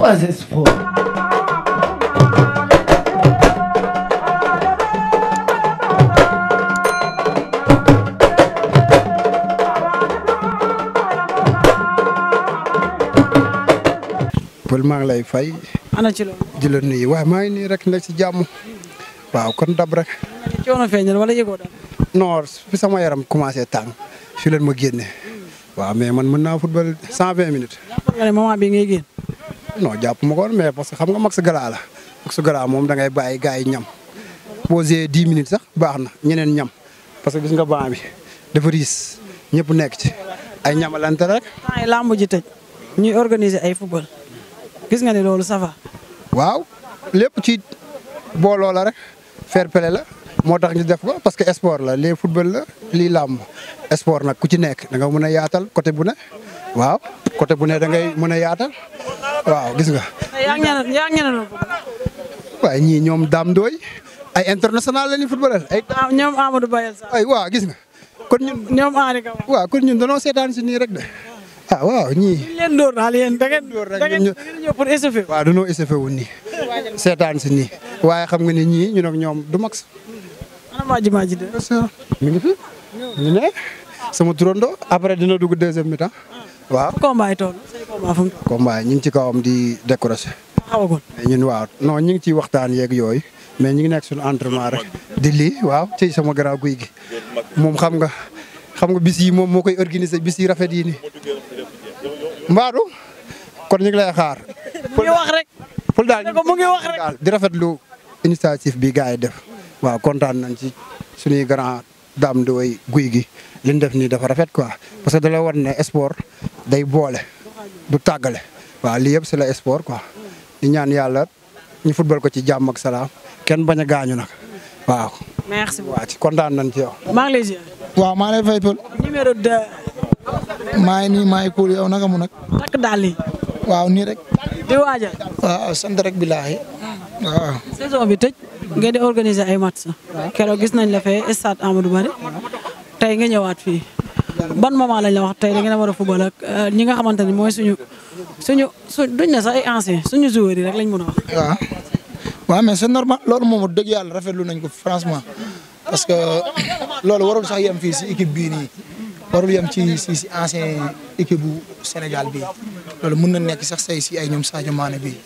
trois espoirs. maa ngi lay fay. ana ci loolu. di la waaye maa ngi nii rek nekk ci jàmm. waaw kon dab rek. coono feeñal wala yëgoo daal. non fi sama yaram commencé tàng fi leen ma génne. Hmm. waaw mais man mën naa football cent minutes. jàpp nga bii ngay génn. non jàpp ma ko woon mais parce que xam nga mag sa gala la mag sa moom dangay ngay bàyyi gars yi ñam boo jee dix minutes sax baax na ñeneen ñam parce que gis nga ban bi dafa riis ñëpp nekk ci ay ñamalante rek. temps yi làmb ji tëj ñuy organiser ay football gis nga ne loolu ça waaw lépp ci booloo la rek fair-play la moo tax ñu def ko parce que sport la lii football la lii làmb sport nag ku ci nekk da nga mën a yaatal côté bu ne. waaw côté bu ne da ngay mën a yaata waaw gis nga. yaa ngi ñii ñoom Dame Ndoye ay international la ñuy footballeur ay. waaw ah, ay waaw gis nga. kon ñun ñoom Henri danoo seetaan si nii rek de. ah waaw ñii. leen door daal yéen da pour échauffé. waaw danoo échauffé wu nii. seetaan si nii. waaye xam nga ni ñii ñun ak ñoom du max. ana maa ji maa de. mi ngi fi ñu ne sama turando après dina dugg deuxième mi-temps. waaw combat yi toll say ñu ngi ci kawam di décrocher. xawagul ñun waaw non ñu ngi ciy waxtaan yeeg yooyu mais ñu ngi nekk suñu entraînement rek. di lii waaw ci sama garaaw guy gi moom xam nga xam nga bis yi moom moo koy organiser bis yi rafet yi ni mbaadu kon ñu ngi lay xaar. mu ngi wax rek. daal mu di rafetlu initiative bi gars yi def waaw kontaan nañ ci suñuy grand dame doy guy gi li ñu def nii dafa rafet quoi parce que da la war ne sport. day boole du tàggale waaw lii yëpp c'est le sport quoi di ñaan yàlla ñu football ko ci jàmm ak salaam kenn bañ a gaañu nag waaw. kontaan nañ ci yow. maa ngi lay ziar. waaw maa fay Pël. numéro ngi nii maa ngi kuul yow mu nag. takk daal lii. waaw nii rek. di waajal. waaw sant rek billaahi. waaw. saison bi tëj. ngeen di organiser ay match. keroog gis nañ la fee stade Amadou Barry. tey nga ñëwaat fii. ban moment lañ la wax tey da ngeen a war a football ak euh, ñi nga xamante ni mooy suñu suñu su duñ na sax ay ancien suñu joueurs yi rek lañ mën a wax. waaw waaw mais normal loolu moom dëgg yàlla rafetlu nañ ko franchement parce que loolu warul sax yem fii si équipe bii nii warul yem ci si si ancien équipe bu Sénégal bii loolu mën na nekk sax say si ay ñoom Sadio Mané bii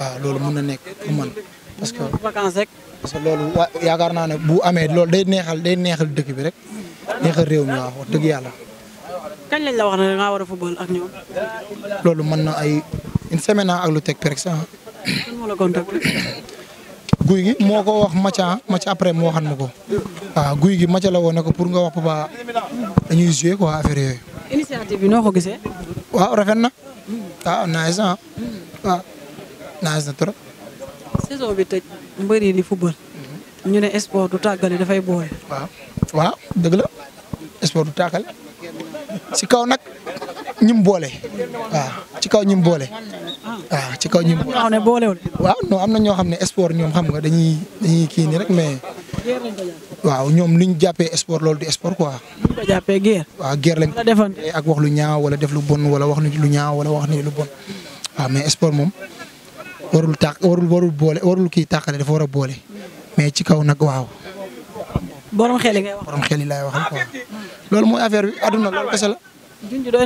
waaw loolu mën na nekk pour man parce que. vacances parce que loolu yaakaar naa ne bu amee loolu day neexal day neexal dëkk bi rek. neexal réew mi waaw wax dëgg yàlla. kañ lañ la wax ne da war a football ak ñoom. loolu mën na ay une semaine ak lu teg rek ah. sax. guy gi moo ko wax Macha ah, Macha après moo xam ma ko. waaw ah, guy gi Macha la woon ne ko pour nga wax papa dañuy joué quoi affaire yooyu. initiative bi noo ko gisee. waaw rafet na. waaw nice na waaw nice na trop. saison bi tëj mbëri di football. ñu ne sport du tàggale dafay boole. waaw dëgg la. sport du tàkkal si kaw nag ñim boole waaw ci kaw ñim boole waaw ci kaw ñim boole waaw non am na ñoo xam ne sport ñoom xam nga dañuy dañuy kii nii rek mais waaw ñoom liñ jàppee sport loolu di sport quoi. ñu ko jàppee guerre. waaw guerre lañ ak wax lu ñaaw wala def lu bon wala wax lu ñaaw wala wax ni lu bon waaw mais sport moom warul tàq warul warul boole warul kii tàqale dafa war a boole mais ci kaw nag waaw. borom xel yi ngay laay waxal loolu mooy affaire bi àdduna loolu kese la. junj doy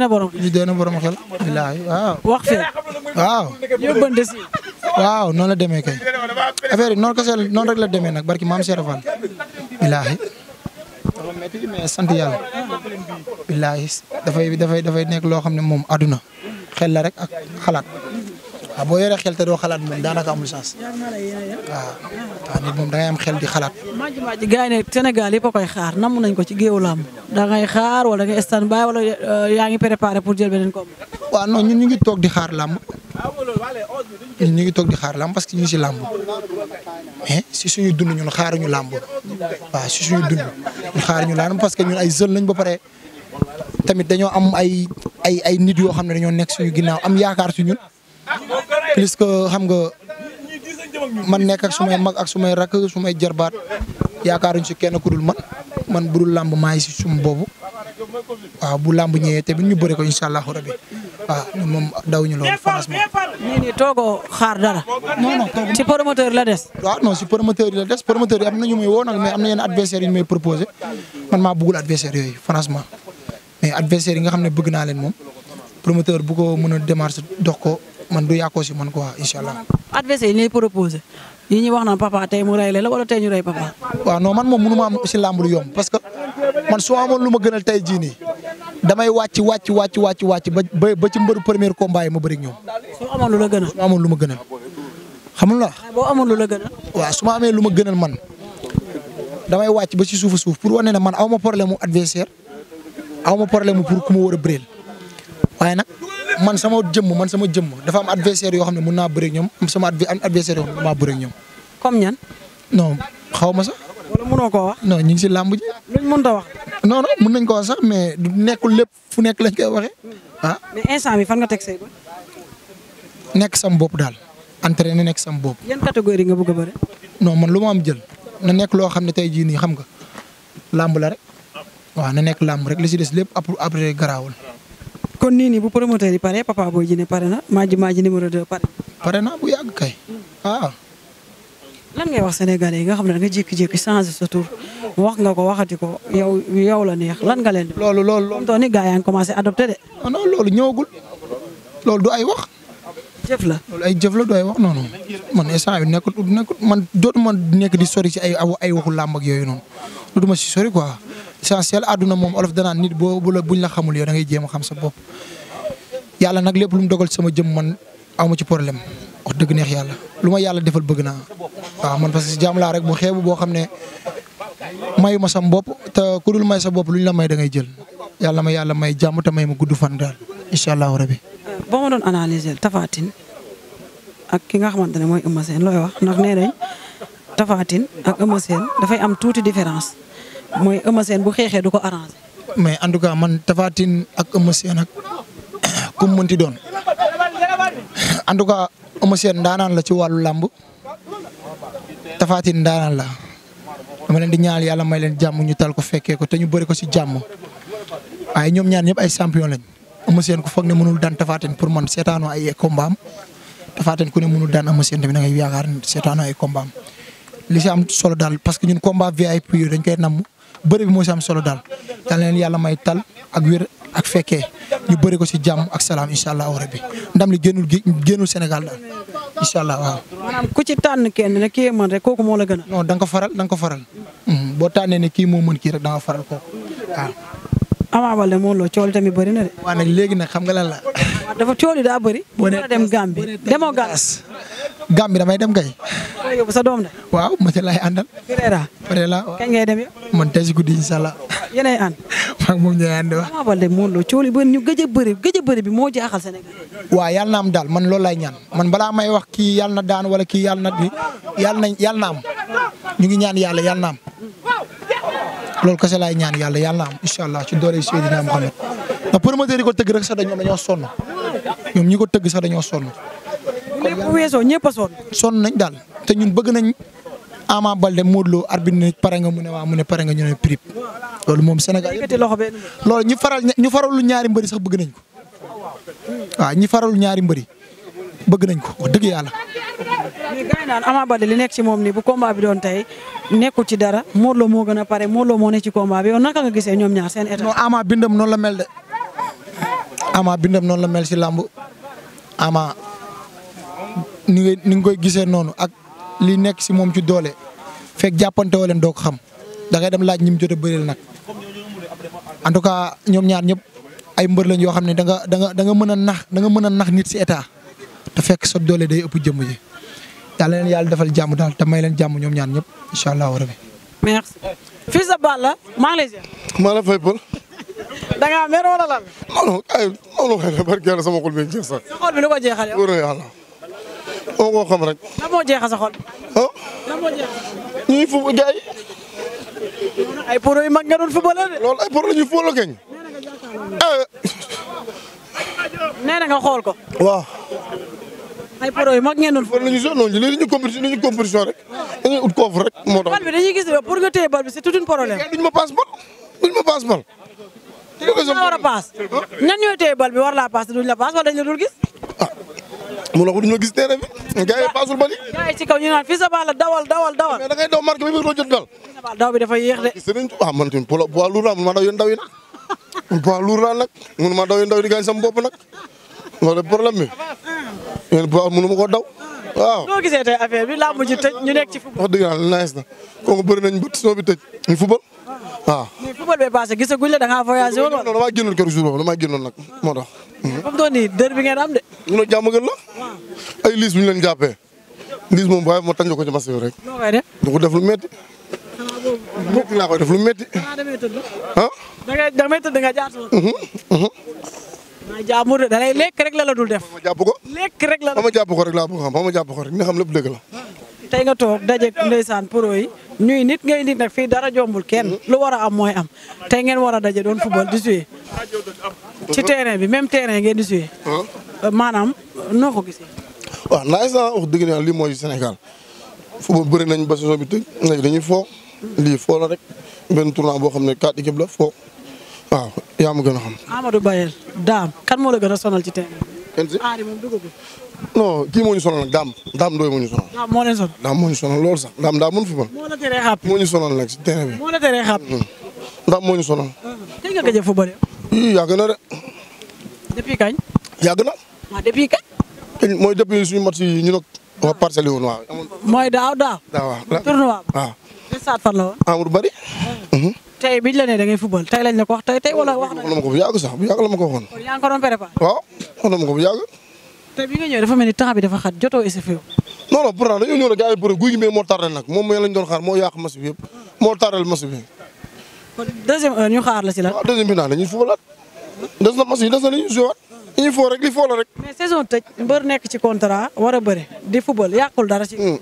doy na borom xel. billaahi waaw. wax fee. waaw yóbbante si. waaw noonu la demee kay affaire yi noonu kese noonu rek la demee nag barki maam Cheikh Fall. billaahi. sant yàlla. billaahi dafay dafay dafay nekk loo xam ne moom àdduna xel la rek ak xalaat. waaw ah, boo yoree xel te doo xalaat moom daanaka amul chance waaw ah, waaw nit moom da am xel di xalaat. Madji Madji yi ne Sénégal yëpp a koy xaar namm nañ ko ci géew làmb da ngay xaar wala da ngay stand euh, yaa ngi préparé pour jël beneen koom. waaw non ñun ngi toog di xaar làmb ñun ngi toog xaar làmb parce que ñu ngi si làmb mais si suñu dund ñun xaar ñu waaw si suñu dund ñun xaaruñu làmb parce que ñun ay jeunes lañ ba pare. tamit dañoo am ay ay ay nit yoo xam ne dañoo nekk suñu ginnaaw am yaakaar si plus xam nga man nekk ak sumay mag ak sumay rakk sumay jarbaat yaakaaruñ si kenn ku dul man man bu dul làmb maa ngi si sum boobu waaw bu làmb ñëwee tamit ñu bëri ko incha allahu rabi waaw ñun moom daw ñu loolu France moom. nii nii xaar dara. non non si promoteur la des. waaw non na ñu may woo nag mais am na yenn adversaires yu ñu may proposé man maa bëggul adversaire yooyu franchement mais adversaire yi nga xam ne bëgg naa leen moom promoteur bu ko mën a démarche dox ko. man du yàqoo si man quoi incha allah. adversaire yi ñuy proposé yi ñuy wax naan papa tey mu rey la wala tey ñu rey papa. waaw non man moom mënu ma am si làmb lu yomb parce que man soo amoon lu ma gënal tey jii nii damay wàcc wàcc wàcc wàcc wàcc ba ba ci mbëru premier combat yi ma bëri ak ñoom. soo amoon lu la gënal soo amoon lu ma gënal. xam nga ah, boo amoon lu la gënal. waaw su ma amee lu ma gënal man damay wàcc ba si suuf suuf pour wane ne man aw ma problème mu adversaire aw ma problème pour ku ma war a bëreel waaye nag man sama jëmm man sama jëmm dafa am adversaire yoo xam ne mun naa bëre ñoom am sama adversaire yoo xam ne damaa bëre ñoom. comme ñan. non xaw ma sax. wala mënoo koo wax. non ñu ngi si làmb ji. luñ wax. non non mën ko wax sax mais du nekkul lépp fu nekk lañ koy waxee ah. mais bi fan nga teg say nekk sam bopp daal. entraîné nekk sam bopp. yan nga bëgg a bëre. non man lu ma am jël. na nekk loo xam ne tey jii nii xam nga làmb la rek waa na nekk lamb rek lu si des lépp après après garaawul. kon nii nii bu promoteur yi pare papa booy ji ne pare na Madji Madji numéro 2 pare. pare na bu yàgg kay ah. lan ngay wax sénégalais yi nga xam ne da nga jékki-jékki changé sa tour wax nga ko waxati ko yow yow la neex lan nga leen di. loolu loolu loolu doon ni gars yaa ngi commencé adopté de. Ah non loolu ñëwagul loolu du ay wax. jëf la loolu ay jëf la du ay wax noonu man instant bi nekkul nekkul man dootuma nekk di sori ci ay ay waxu làmb yooyu noonu dootuma ci sori quoi. essentiel àdduna moom olof danaan nit boo bu la buñ la xamul yow da ngay jéem xam sa bopp yàlla nag lépp lu mu dogal sama jëm man amu ci problème wax dëgg neex yàlla lu ma yàlla defal bëgg naa waaw man parce que jaam rek bu xeebu boo xam ne mayu ma sam bopp te ku dul sa bopp lu la may da ngay jël yàlla ma yàlla may jàmm may ma gudd fan daal incha allahu rabi. boo ma doon ki nga xamante ne mooy Eumeu Sène wax ndax dafay am tuuti différence. mooy Eumeu bu xeexee du ko arrangé. mais en tout cas man Tapha ak Eumeu Sène ak ku mënti doon en tout cas Eumeu Sène la ci wàllu làmb Tapha Tine la dama leen di ñaanal yàlla may leen jàmm ñu tal ko fekkee te ñu bëri ko si jàmm waaye ñoom ñaar ñëpp ay champion lañ Eumeu ku foog ne mënul daan Tapha Tine pour man seetaanoo ay combat am Tapha Tine ku ne mënul daan Eumeu Sène tamit na ngay yaakaar seetaanoo ay combat li si am solo daal parce que ñun combat VIP yooyu dañ koy namm bëri bi moo si am solo daal yal na yàlla may tal ak wér ak fekkee ñu bëri ko si jàmm ak salaam incha allah rabbi ndam li génnul génnul Sénégal daal incha allah waaw. ku ci tànn kenn ne kii man kooku moo la a. non da nga ko faral da ko faral mm-hmm. boo tànnee ne kii moo mën kii da faral kooku waaw. Ama Baldé Modou Lo coow li tamit bëri na de. léegi nag xam nga lan la. dafa coow daa bëri. boo nee dem Gambie demoo Gambie. Gàmbi damay dem kay. yóbbu waaw monsieur laay àndal. Ferreira. Ferreira waaw ngay dem man tey si guddi incha allah. yéen ay ànd. maa moom ñu gëj a bëri gëj bi moo jaaxal Sénégal. waaw yàlla daal man loolu lay ñaan man balaa may wax kii yàlla na daan wala kii yàlla na bi yàlla na yàlla na am ngi ñaan yàlla yàlla na am loolu kese laay ñaan yàlla yàlla na am incha allah ci doole Seydina Muhammad ndax promoteur yi ko tëgg rek sax dañoo dañoo sonn ñoom ñi ko tëgg sa dañoo sonn weesoo ñëpp a sonn. sonn nañ daal te ñun bëgg nañ Ama Baldé Modou Lo arbitre ne pare nga mu ne waa mu ne pare nga ñu ne prip loolu moom Sénégal loolu ñu faral ñu ñaari mbëri sax bëgg nañ ko waaw ñi faral ñaari mbëri bëgg nañ ko dëgg yàlla. mais gars yi naan Ama Baldé li nekk ci moom nii bu combat doon tey nekkul ci dara Modou moo gën a pare Modou Lo moo nekk ci combat bi yow naka nga gisee ñoom ñaar seen état. non Ama bindam noonu la mel de Ama bindam la mel ci làmb ni nga ni nga koy gisee noonu ak li nekk si moom ci doole fekk jàppante woo leen doo ko xam da dem laaj ñi mu jot a bëreel nag. en tout cas ñoom ñaar ñëpp ay mbër lañ yoo xam ne da nga da da nga mën a nax da mën a nax nit si état te fekk sa doole day ëpp jëmm ji yàlla leen yàlla defal jàmm daal te may leen jàmm ñoom ñaan ñëpp incha allah rabi. merci. Fils de Balla maa ngi lay fay pël. da ngaa mer wala lan. non non ay non non sama xol bi jeex ko jeexal yow. oo oh, koo xam rek. lan moo jeexal sa xol. oh. lan moo ñu ngi fukk gars yi. ay pono yu mag nga doon footballeur de. loolu ay pono la ñuy footballeur kañ. Eh. nee na nga xool ko. waa ay pono yu mag ngeen doon. footballeur la ñuy soxla léegi ñu compétition ñu compétition rek dañuy ut koofu rek moo tax. bal bi dañuy gis ne pour nga téye bal bi c'est tout un duñ ma paas bal duñ ma paas bal. te war a paas. ñan ñooy téye war laa paas duñ la paas wala dañ la dul gis. mu ne ko duñu gis terrain bi gars yi paasul ba ni gars yi ci kaw ñu naan fii sa baal la dawal dawal dawal mais da ngay daw marque bi biir ko jot dal daw bi dafa yéex de sëriñ ah man tamit poids lourd laa mun maa daw yéen daw yi nag poids lourd laa nag mun maa daw yéen daw yi di gaañ sama bopp nag loolu problème bi yéen poids mënu ma ko daw waaw noo gisee tey affaire bi làmb ji tëj ñu nekk ci football wax dëgg yàlla nice na kooku bëri nañ bët soo bi tëj ñu football waaw mais football bee passé gisaguñ la da ngaa voyagé woon wala damaa génnoon kër jour boobu damaa génnoon nag moo tax comme doon nii dër bi ngeen am jàmm la. ay liis bu ñu leen jàppee. liis moom waaye moo tànn ko ci marché bi rek. noo koy def def lu métti. métti laa koy def lu métti. ah. da ngay mhm, mhm. da ngay tëdd da lekk rek la la dul def. ma jàpp ko lekk rek la la. ma jàpp ko rek laa bëgg xam ma jàpp ko rek ñu la lépp dëgg la. tey nga toog dajeeg ndeysaan pro yi ñuy nit ngay nit nag fii dara jombul kenn mhm. lu war a am mooy am te ngeen war a daje doon football di jouer ci terrain bi même terrain ngeen di suyee. Euh, maanaam noo ko gisee. waaw naaj sax wax dëgg yàlla lii mooy Sénégal football bëri nañ ba saison bi tëj léegi dañuy foo lii foo la rek benn tournoi boo xam ne quatre équipes la foo waaw yaa ma gën a xam. Amadou Bayel Dame kan moo la gën a sonal ci terrain kenn si kii moo ñu sonal nag daam daam dooy moo ñu sonal. daam moo leen sonal. loolu sax daam daa mën football. moo la teree xàpp nag si terrain bi. moo la teree xàpp. Hmm. moo ñu ii yàgg na de. depuis kañ. yàgg na. waaw depuis kañ. mooy depuis suñu match yi ñu nag waa parcelle yi woon waaw. mooy daaw daaw. daaw waaw tournoi bi waaw. stade fan la woon. amul bari. Mm-hmm. Mm-hmm. tey biñ la ne da ngay tey lañ la ko wax tey tey wala wax na. wala ko sax bu yàgg la ma ko waxoon. kon yaa ngi ko doon préparé. waaw wala ko bu yàgg. tey bi nga ñëw dafa mel ni temps bi dafa xat jotoo essayé wu. non non pourtant dañoo guy gi moo tardé nag moom mooy lañ doon xaar moo ma match bi yëpp moo tardé match bi kon deuxième heure ñu xaar si la. waaw ah, deuxième bi naan la ñuy foolaat des na match yi des na li ñuy joué waat ñu foo rek nekk ci contrat a bëri di football yàqul dara ci. Hmm.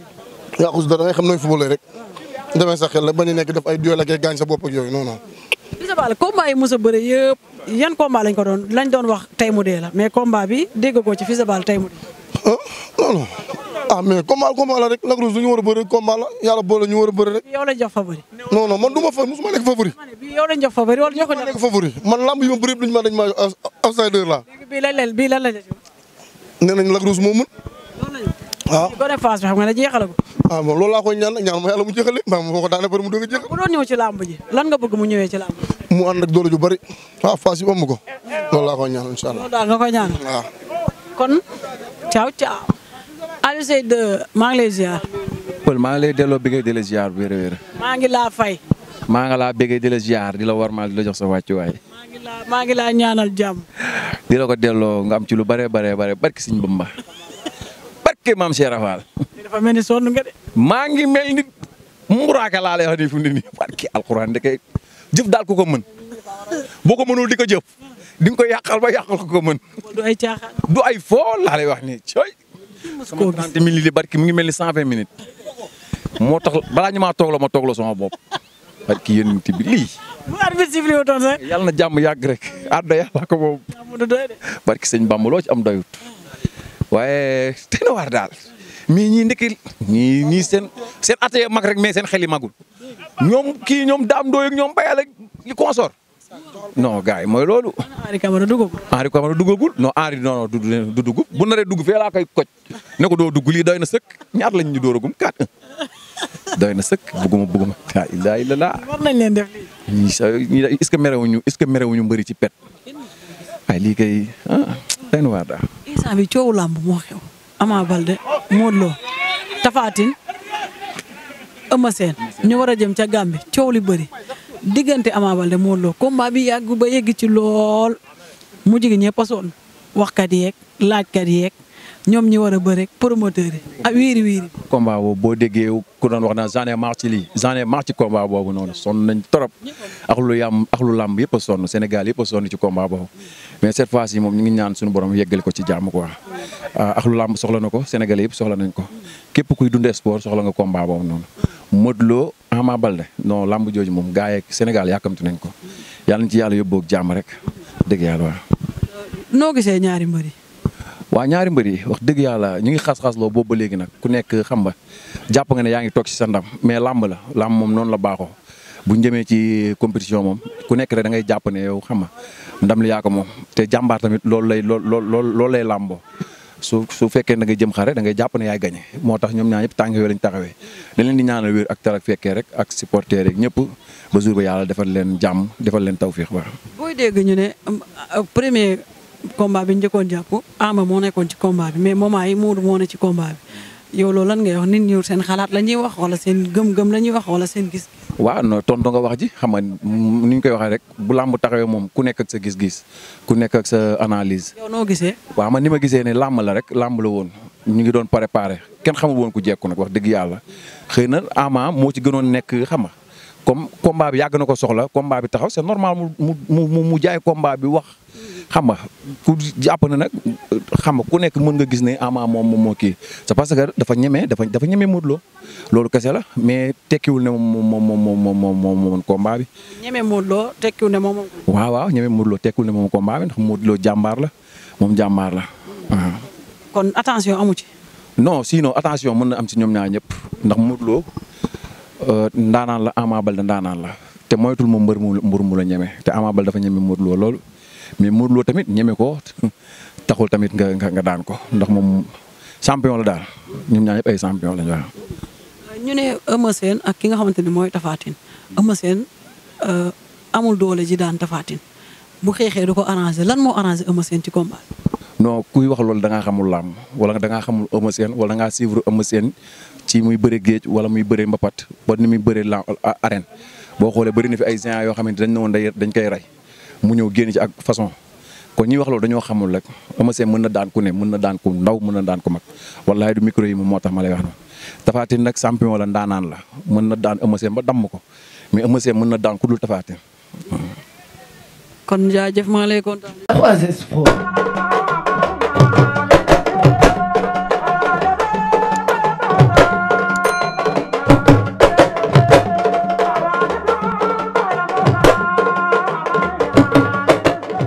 yàqul dara nga xam nooy football rek demee sa xel la ba ñu nekk def ay duel la ay gaañ sa bopp ak yooyu non non. Fils de Balla combat yan combat lañ ko doon lañ doon wax tey mu dee la mais combat bi dégg ko ci Fils de Balla tey mu ah mais combat combat la rek Lac Rose du ñu war a bëri combat la yàlla boole ñu war a bëri rek. yow lañ jox favori. non non man du ma fa musuma nekk favori. yow lañ jox favori wala ñoo ko nekk favori man lamb yi ma bëri dañ ma dañ ma outsider la. bii lan la bii lan la. nee nañ Lac Rose moo mën. waaw ah. bonne phase bi xam nga ne jeexal ko. ah bon loolu laa koy ñaan ñaan ma yàlla mu jeexale maa ma ko daane bëri mu dëgg jeexal. bu doon ñëw ci làmb ji lan nga bëgg mu ñëwee ci làmb ji. mu ànd ak doole ju bëri waaw ah, phase yi amu ko loolu laa koy ñaan incha allah. loolu daal nga koy ñaan. waaw ah. kon caaw caaw. Aliou Seye 2 maa ngi lay ziar. Pël lay delloo bëggee di la ziar maa ngi laa fay. maa ngi laa bëggee di la ziar di la warmaal di la jox sa wàccuwaay. maa ngi laa maa ngi laa ñaanal jàmm. di la ko delloo nga am ci lu bare bare bare barki Sëñ Bamba barki maam Cheikh Rafal. dafa mel ni sonn nga de. maa ngi mel ni muraaka laa lay wax nii fi mu ne nii de kay jëf daal ku ko mën boo ko mënul di ko jëf di nga ko yàqal ba yàqal ku ko mën. du ay caaxaan du ay lay wax nii sama 30 minutes li mu ngi mel ni 120 minutes moo tax balaa ñu maa toogloo ma toogloo sama bopp barki yéen nit bi lii. bu arbitre na jàmm yàgg rek àdda yàlla ko moom. barki sëñ Bamba loo ci am doyut. waaye tey waar daal mais ñi ndekki ñi seen seen atee mag rek mais seen xel yi magul ñoom kii ñoom daam dooy ak ñoom bayal ak li consort non gars yi mooy loolu. Henri Camara duggagul. Henri Camara duggagul non Henri non non du dugg bu naree dugg fee laa koy koj ne ko doo dugg lii doy na sëkk ñaar lañ ñu dooragum kat doy na sëkk bugguma bugguma la ilaha illallah. war nañ leen def lii. est-ce que merewuñu est-ce que ci pet. ay lii kay ah day na waar daal. instant bi coowu làmb moo xew. Ama Balde Modou Lo Tapha Tine Eumeu Sène ñu war a jëm ca Gàmbi coow li bëri. diggante Ama Baldé Modou Lo combat bi yàgg ba yegg ci lool mujj gi ñëpp a sonn waxkat yeeg laajkat yeeg ñoom ñi war a bëre ak promoteur yi ah wiiri wiiri. combat boobu boo déggee ku doon wax naan j'en ai marre ci lii j'en boobu noonu son nañ trop ak lu yam ak lu làmb yëpp a sonn Sénégal yëpp a sonn ci combat boobu mais cette fois yi moom ñu ngi ñaan suñu borom yeggali ko ci jàmm quoi ah, ak lu làmb soxla na ko Sénégal yëpp soxla nañ ko képp kuy dund sport soxla nga combat boobu noonu. Modou Lo Ama Baldé non làmb jooju moom gaa yeeg Sénégal yàkkamti nañ ko yàlla nañ ci yàlla yóbboog jàmm rek dëgg yàlla waaw. noo gisee ñaari mbër yi. waa ñaari mbër yi wax dëgg yàlla ñu ngi xas-xas loo boobu ba léegi nag ku nekk xam nga jàpp nga ne yaa ngi toog ci sa ndam mais làmb la làmb moom noonu la baaxoo bu ñu jëmee ci compétition moom ku nekk rek da ngay jàpp ne yow xam ndam li yaa ko moom te jàmbaar tamit loolu lay lool lool loolu lay làmboo su su fekkee da nga jëm xare da ngay jàpp ne yaay gañe moo tax ñoom ñaar ñëpp tànk yooyu lañ taxawee dañ di ñaanal wér ak tarak fekkee rek ak supporter rek ñëpp ba jour ba yàlla defal leen jàmm defal leen tawféex ba. booy dégg ñu ne um, uh, premier combat bi njëkkoon jàpp Ama moo nekkoon ci combat bi mais moom yi Modou moo ne ci combat bi. yow loolu lan ngay wax nit ñëw seen xalaat la ñuy wax wala seen gëm-gëm la ñuy wax wala seen gis. waaw non tontu nga wax ji xam nga ni ñu koy waxee rek bu làmb taxawee moom ku nekk ak sa gis-gis ku nekk ak sa analise yow noo gisee. waaw man ni ma gisee ne làmb la rek làmb la woon ñu ngi doon préparé kenn xamu woon ku jekku nag wax dëgg yàlla xëy na ama moo ci gënoon nekk xam nga comme combat bi yàgg na ko soxla combat bi taxaw c'est normal mu mu mu jaay combat bi wax xam nga ku jàpp na nag xam nga ku nekk mën nga gis ne Ama moom moom moo kii parce que dafa ñeme dafa dafa ñeme Modou loolu kese la mais tekkiwul ne moom moom moom moom moom moom combat bi. ñeme Modou Lo tekkiwul ne moom moom. waaw ndax Modou Lo jàmbaar la moom jàmbaar la kon attention amu ci. non sinon attention mën na am si ñoom ñaar ñëpp ndax Modou Lo Euh, ndaanaan la Ama Baldé ndaanaan la te moytul moom mbër mu mbër mu ñeme te Ama Baldé dafa ñeme Modou Lo lool mais Modou tamit ñeme ko taxul tamit nga nga daan ko ndax moom champion la daal ñun ñaa ñëpp ay ak ki nga xamante ni mooy Tapha Tine seen Sène euh, amul doole ji daan Tapha Tine bu xeexee du ko arrangé lan moo arrangé Eumeu seen ci combat. non kuy wax loolu da ngaa xamul làmb wala da ngaa xamul Eumeu wala da ngaa suivre Eumeu ci muy bëre géej wala muy bëre mbapat wala ni muy bëre la arène boo xoolee bëri fi ay géants yoo xamante dañ ne woon day dañ koy rey mu ñëw génn ci ak façon kon ñuy wax loolu dañoo xamul rek Eumeu Sène mën na daan ku ne mën na daan ku ndaw mën na daan ku mag wallahi du micro yi moom moo tax ma lay wax noonu Tapha Tine nag champion la ndaanaan la mën na daan Eumeu Sène ba damm ko mais Eumeu Sène mën na daan ku dul Tapha Tine kon jaajëf maa lay kontaan